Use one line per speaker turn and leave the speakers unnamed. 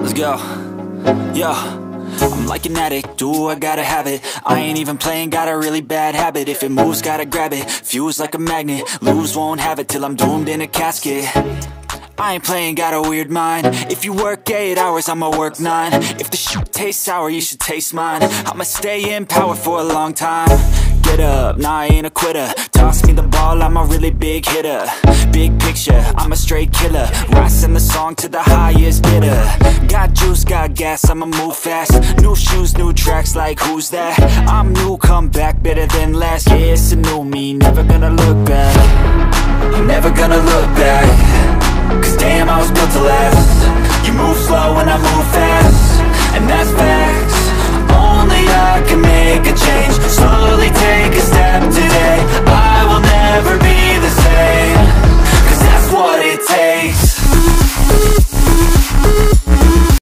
Let's go. yo. I'm like an addict, do I gotta have it I ain't even playing, got a really bad habit If it moves, gotta grab it, fuse like a magnet Lose, won't have it till I'm doomed in a casket I ain't playing, got a weird mind If you work 8 hours, I'ma work 9 If the shit tastes sour, you should taste mine I'ma stay in power for a long time get up, nah I ain't a quitter Toss me the ball, I'm a really big hitter Big picture, I'm a straight killer Rising the song to the highest bidder Got juice, got gas, I'ma move fast New shoes, new tracks, like who's that? I'm new, come back, better than last Yeah, it's a new me, never gonna look back never gonna look back
Cause damn, I was built to last You move slow